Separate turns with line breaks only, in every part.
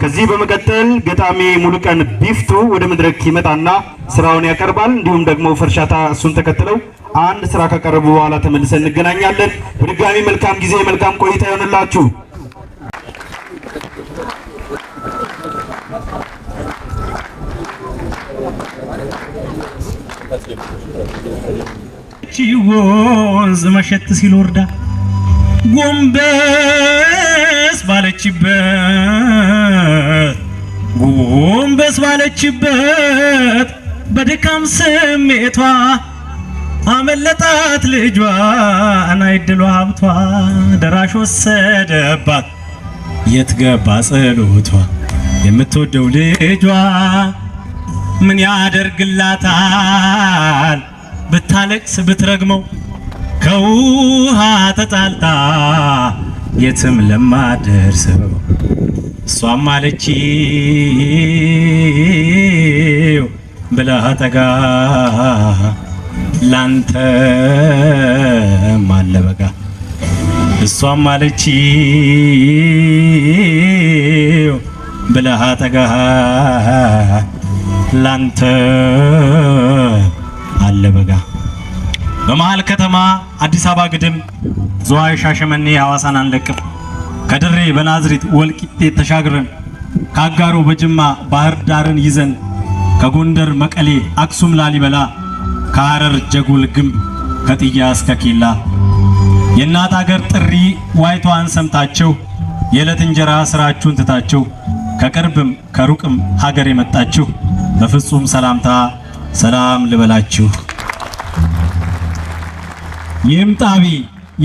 ከዚህ በመቀጠል ገጣሚ ሙሉቀን ቢፍቱ ወደ መድረክ ይመጣና ስራውን ያቀርባል። እንዲሁም ደግሞ ፈርሻታ እሱን ተከትለው አንድ ስራ ከቀረቡ በኋላ ተመልሰን እንገናኛለን። በድጋሚ መልካም ጊዜ፣ መልካም ቆይታ ይሆንላችሁ።
ወንዝ መሸት ሲል ወርዳ ጎንበስ ባለችበት ጎንበስ ባለችበት በድካም ስሜቷ አመለጣት ልጇ ናይድሎ ሀብቷ ደራሽ ወሰደባት የት ገባ ጸሎቷ የምትወደው ልጇ ምን ያደርግላታል ብታለቅስ ብትረግመው ከውሃ ተጣልታ የትም ለማደርሰው እሷም አለችው ብለህ አጠጋ ላንተ ማለበጋ እሷም አለች ብለህ አጠጋ ላንተ አለበጋ በመሀል ከተማ አዲስ አበባ ግድም ዝዋይ፣ ሻሸመኔ፣ ሐዋሳን አንለቅም። ከድሬ በናዝሬት ወልቂጤ ተሻግረን ካጋሮ በጅማ ባህር ዳርን ይዘን ከጎንደር መቀሌ፣ አክሱም ላሊበላ፣ ከሐረር ጀጎል ግንብ፣ ከጥያ እስከ ኬላ የእናት አገር ጥሪ ዋይቷን ሰምታችሁ የዕለት እንጀራ ስራችሁን ትታችሁ ከቅርብም ከሩቅም ሀገር የመጣችሁ በፍጹም ሰላምታ ሰላም ልበላችሁ። ይምጣቢ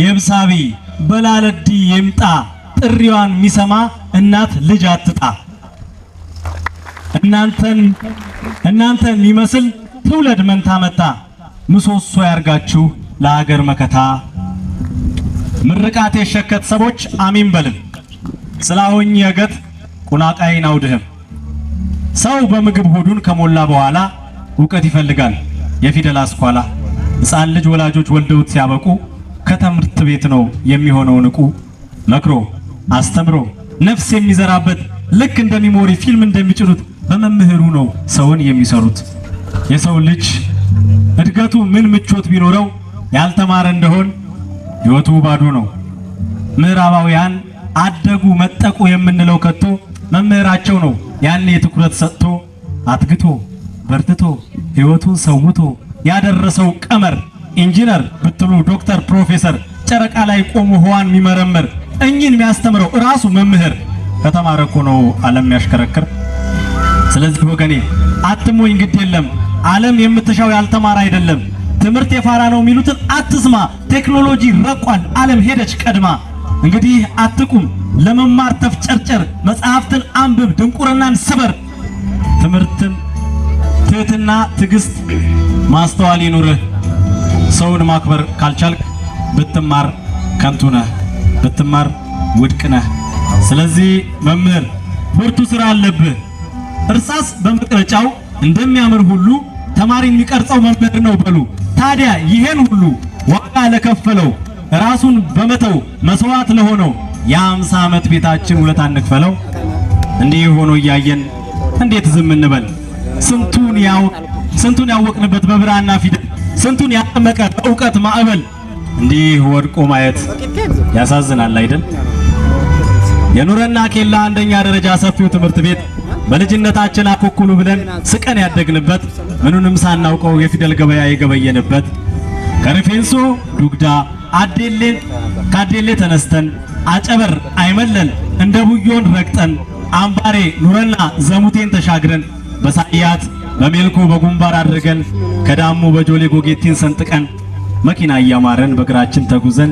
የብሳቢ በላለዲ ይምጣ ጥሪዋን የሚሰማ እናት ልጅ አትጣ። እናንተን እናንተ የሚመስል ትውልድ መንታ መጣ ምሰሶ ያርጋችሁ ለሀገር መከታ። ምርቃት የሸከት ሰቦች አሚን በልም ስላሆኝ የገት ቁላቃይን አውድህም ሰው በምግብ ሆዱን ከሞላ በኋላ እውቀት ይፈልጋል የፊደል አስኳላ። ሕፃን ልጅ ወላጆች ወልደውት ሲያበቁ ከትምህርት ቤት ነው የሚሆነው ንቁ። መክሮ አስተምሮ ነፍስ የሚዘራበት ልክ እንደሚሞሪ ፊልም እንደሚጭኑት በመምህሩ ነው ሰውን የሚሰሩት። የሰው ልጅ እድገቱ ምን ምቾት ቢኖረው ያልተማረ እንደሆን ሕይወቱ ባዶ ነው። ምዕራባውያን አደጉ መጠቁ የምንለው ከቶ መምህራቸው ነው ያኔ ትኩረት ሰጥቶ አትግቶ በርትቶ ሕይወቱን ሰውቶ ያደረሰው ቀመር ኢንጂነር ብትሉ ዶክተር፣ ፕሮፌሰር ጨረቃ ላይ ቆሞ ህዋን የሚመረምር እኚህን የሚያስተምረው እራሱ መምህር ከተማረ እኮ ነው ዓለም የሚያሽከረክር። ስለዚህ ወገኔ አትሞኝ፣ ግድ የለም ዓለም የምትሻው ያልተማረ አይደለም። ትምህርት የፋራ ነው የሚሉትን አትስማ። ቴክኖሎጂ ረቋል፣ ዓለም ሄደች ቀድማ። እንግዲህ አትቁም ለመማር ተፍጨርጨር፣ መጽሐፍትን አንብብ፣ ድንቁርናን ስበር። ትምህርትን፣ ትህትና፣ ትዕግስት፣ ማስተዋል ይኑርህ። ሰውን ማክበር ካልቻልክ ብትማር ከንቱ ነህ፣ ብትማር ውድቅ ነህ። ስለዚህ መምህር ብርቱ ስራ አለብህ። እርሳስ በመቅረጫው እንደሚያምር ሁሉ ተማሪ የሚቀርጸው መምህር ነው በሉ። ታዲያ ይሄን ሁሉ ዋጋ ለከፈለው ራሱን በመተው መስዋዕት ለሆነው የአምሳ ዓመት ቤታችን ውለታ እንክፈለው። እንዲህ ሆኖ እያየን እንዴት ዝም እንበል? ስንቱን ያው ስንቱን ያወቅንበት በብራና ፊደል ስንቱን ያጠመቀ በእውቀት ማዕበል እንዲህ ወድቆ ማየት ያሳዝናል አይደል? የኑረና ኬላ አንደኛ ደረጃ ሰፊው ትምህርት ቤት በልጅነታችን አኩኩሉ ብለን ስቀን ያደግንበት ምኑንም ሳናውቀው የፊደል ገበያ የገበየንበት ከሪፌንሶ ዱግዳ አዴሌ ካዴሌ ተነስተን አጨበር አይመለን እንደ ቡዮን ረግጠን አምባሬ ኑረና ዘሙቴን ተሻግረን በሳያት በሜልኮ በጉንባር አድርገን ከዳሞ በጆሌ ጎጌቴን ሰንጥቀን መኪና እያማረን በእግራችን ተጉዘን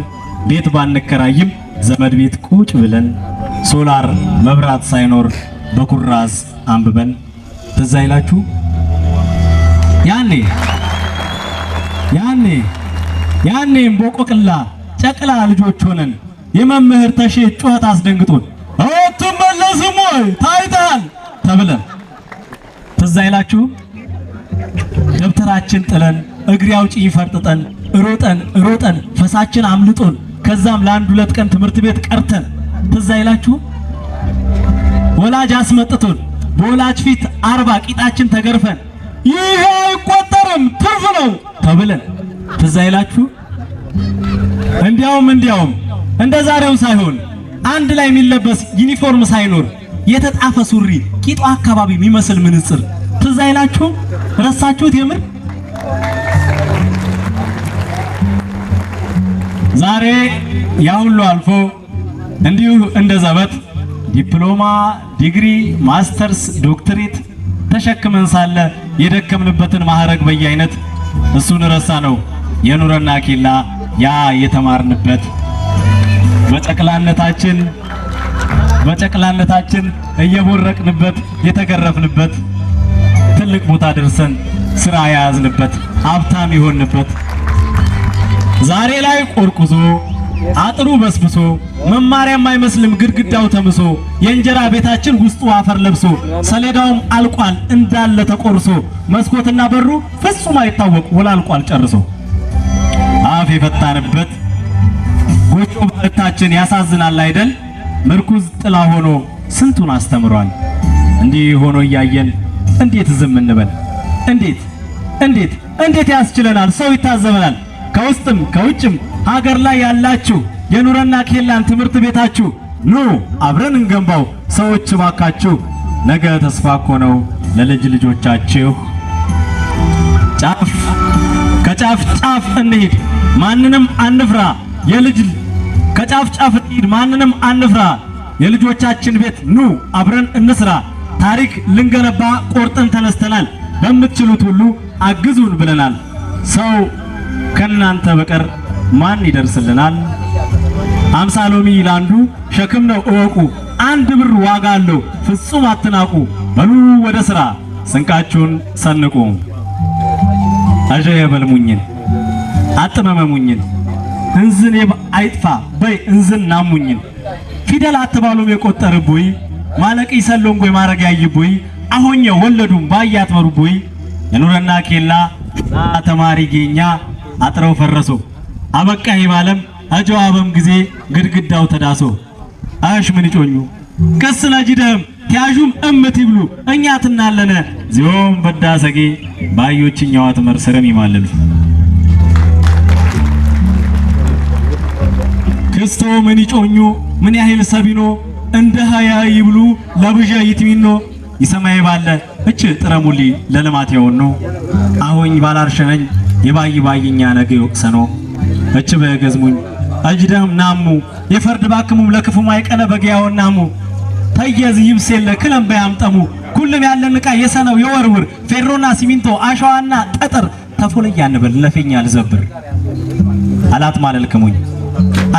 ቤት ባንከራይም ዘመድ ቤት ቁጭ ብለን ሶላር መብራት ሳይኖር በኩራዝ አንብበን ትዝ አይላችሁ? ያኔ ያኔ ያኔም ቦቆቅላ ጨቅላ ልጆች ሆነን የመምህር ተሼ ጩኸት አስደንግጦን አትመለስም ወይ ታይታል ተብለን ትዝ አይላችሁ? ደብተራችን ጥለን እግሪ አውጪ ፈርጥጠን ሮጠን ሮጠን ፈሳችን አምልጦን ከዛም ለአንድ ሁለት ቀን ትምህርት ቤት ቀርተን ትዝ አይላችሁ? ወላጅ አስመጥቶን በወላጅ ፊት አርባ ቂጣችን ተገርፈን ይሄ አይቆጠርም ትርፍ ነው ተብለን ትዝ አይላችሁ? እንዲያውም እንዲያውም እንደ ዛሬው ሳይሆን አንድ ላይ የሚለበስ ዩኒፎርም ሳይኖር የተጣፈ ሱሪ ቂጧ አካባቢ የሚመስል ምንጽር ትዝ አይላችሁ? ረሳችሁት? የምር ዛሬ ያሁሉ አልፎ እንዲሁ እንደ ዘበት ዲፕሎማ፣ ዲግሪ፣ ማስተርስ፣ ዶክትሬት ተሸክመን ሳለ የደከምንበትን ማህረግ በየአይነት እሱን ረሳ ነው የኑረና ኬላ ያ የተማርንበት በጨቅላነታችን በጨቅላነታችን እየቦረቅንበት የተገረፍንበት ትልቅ ቦታ ደርሰን ስራ የያዝንበት ሀብታም የሆንበት ዛሬ ላይ ቆርቁዞ አጥሩ በስብሶ መማሪያም አይመስልም ግድግዳው ተምሶ የእንጀራ ቤታችን ውስጡ አፈር ለብሶ ሰሌዳውም አልቋል እንዳለ ተቆርሶ መስኮትና በሩ ፍጹም አይታወቅ ወላልቋል አልቋል ጨርሶ አፍ የፈታንበት ጎጆ በረታችን ያሳዝናል አይደል ምርኩዝ ጥላ ሆኖ ስንቱን አስተምሯል። እንዲህ ሆኖ እያየን እንዴት ዝም እንበል? እንዴት እንዴት እንዴት ያስችለናል? ሰው ይታዘበናል። ከውስጥም ከውጭም ሀገር ላይ ያላችሁ የኑረና ኬላን ትምህርት ቤታችሁ ኑ አብረን እንገንባው። ሰዎች ባካችሁ፣ ነገ ተስፋ እኮ ነው ለልጅ ልጆቻችሁ። ጫፍ ከጫፍ ጫፍ እንሂድ፣ ማንንም አንፍራ። የልጅ ከጫፍ ጫፍ እንሂድ፣ ማንንም አንፍራ። የልጆቻችን ቤት ኑ አብረን እንስራ። ታሪክ ልንገነባ ቆርጠን ተነስተናል። በምትችሉት ሁሉ አግዙን ብለናል። ሰው ከእናንተ በቀር ማን ይደርስልናል? አምሳ ሎሚ ለአንዱ ሸክም ነው እወቁ፣ አንድ ብር ዋጋ አለው ፍጹም አትናቁ። በሉ ወደ ስራ ስንቃችሁን ሰንቁ። አጀየ በልሙኝን አጥመመሙኝን እንዝን አይጥፋ በይ እንዝን ናሙኝን ፊደል አትባሉም የቆጠርቡይ ማለቅ ይሰሎንጎይ ማረግ ያይ ያይቡይ አሆኘ ወለዱም ቦይ የኑረና ኬላ ተማሪ ጌኛ አጥረው ፈረሶ አበቃ ይባለም አጀዋበም ጊዜ ግድግዳው ተዳሶ አሽ ምን ይጮኙ ቀስ ለጅደም ቲያዡም እምት ይብሉ እኛ ትናለነ ዚዮም በዳሰጌ ባዮችኛዋ ተመርሰረም ይማለሉ ክስቶ ምን ይጮኙ ምን ያህል ሰቢኖ እንደ ሃያ ይብሉ ለብዣ ይትሚኖ ይሰማይ ባለ እች ጥረሙሊ ለልማት የሆኑ አሁኝ ባላርሸነኝ የባይ ባይኛ ነገ ይወቅሰኖ እች በገዝሙኝ አጅዳም ናሙ የፈርድ ባክሙ ለክፉ ማይቀለ በጊያው ናሙ ተየዝ ይብሴለ ክለም በያምጠሙ ሁሉም ያለን ዕቃ የሰነው የወርውር ፌሮና ሲሚንቶ አሸዋና ጠጠር ተፎለ ያንበል ለፌኛ አልዘብር አላት ማለልክሙኝ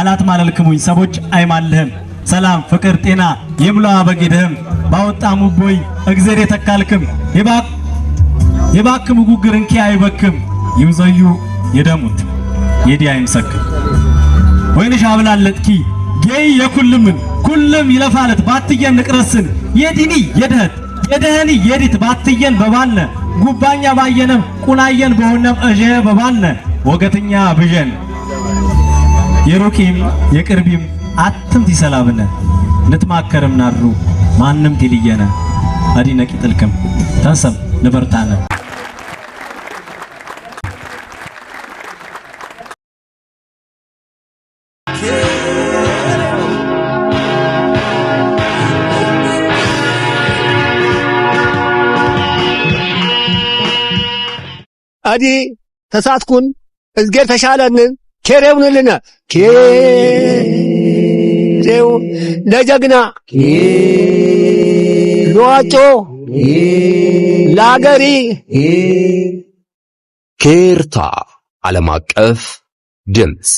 አላት ማለልክሙኝ ሰቦች አይማልህም ሰላም ፍቅር ጤና የምሏ በጌደህም ባወጣሙ ቦይ እግዜር የተካልክም የባክ የባክም ጉግርን ኪያ አይበክም ይውዘዩ ይደሙት የዲያ ይምሰክር ወይንሽ አብላለጥኪ ጌይ የኩልምን ኩልም ይለፋለት ባትየን ንቅረስን የዲኒ የድህት የደህኒ የዲት ባትየን በባነ ጉባኛ ባየነም ቁላየን በሆነም እዤ በባነ ወገትኛ ብዠን የሩቂም የቅርቢም አትምት ይሰላብነ ንትማከርም ናድሩ ማንም ቲልየነ አዲነቂ ጥልቅም ተንሰም ንበርታነ አዲ ተሳትኩን እዝጌር ተሻለንን ኬሬውንልነ ኬሬው ለጀግና ለዋጮ ለአገሪ
ኬርታ ዓለም አቀፍ ድምፅ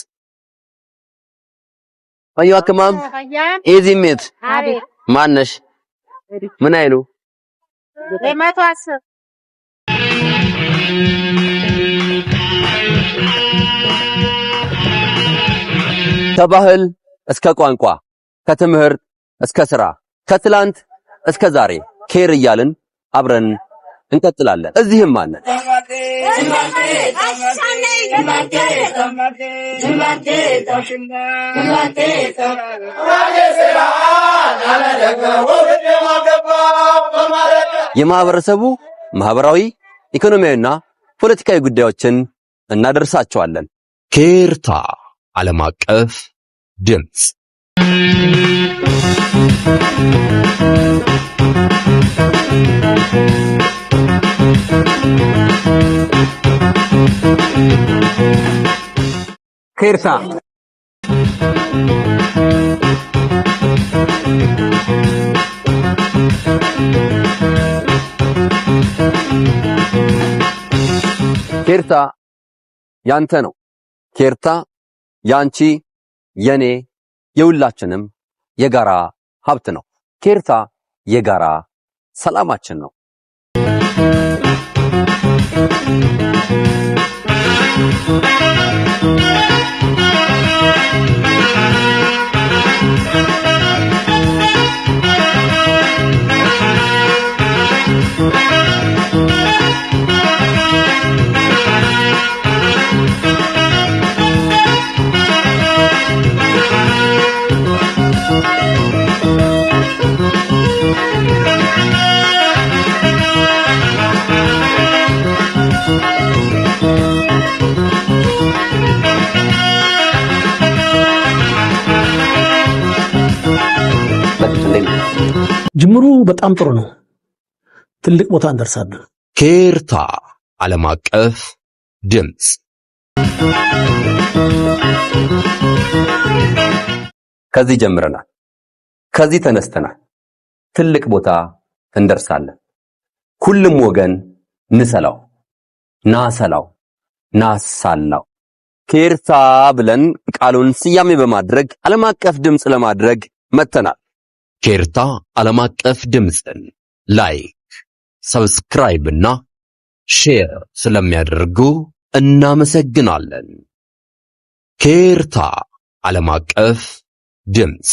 አዩ አከማም ኤዚሜት ማነሽ ምን አይሉ ከባህል እስከ ቋንቋ፣ ከትምህርት እስከ ስራ፣ ከትላንት እስከ ዛሬ ኬር እያልን አብረን እንቀጥላለን። እዚህም አለን። የማህበረሰቡ ማህበራዊ ኢኮኖሚያዊና ፖለቲካዊ ጉዳዮችን እናደርሳቸዋለን።
ኬርታ ዓለም አቀፍ ድምፅ ኬርታ ኬርታ ያንተ ነው። ኬርታ ያንቺ፣ የኔ፣ የሁላችንም የጋራ ሀብት ነው። ኬርታ የጋራ ሰላማችን ነው።
ጅምሩ በጣም ጥሩ ነው። ትልቅ ቦታ እንደርሳለን።
ኬርታ ዓለም አቀፍ ድምፅ
ከዚህ ጀምረናል። ከዚህ ተነስተናል። ትልቅ ቦታ እንደርሳለን። ሁሉም ወገን ንሰላው፣ ናሰላው፣ ናሳላው ኬርታ ብለን ቃሉን ስያሜ በማድረግ ዓለም አቀፍ ድምፅ ለማድረግ መጥተናል።
ኬርታ ዓለም አቀፍ ድምፅን ላይክ፣ ሰብስክራይብ እና ሼር ስለሚያደርጉ እናመሰግናለን። ኬርታ ዓለም አቀፍ ድምፅ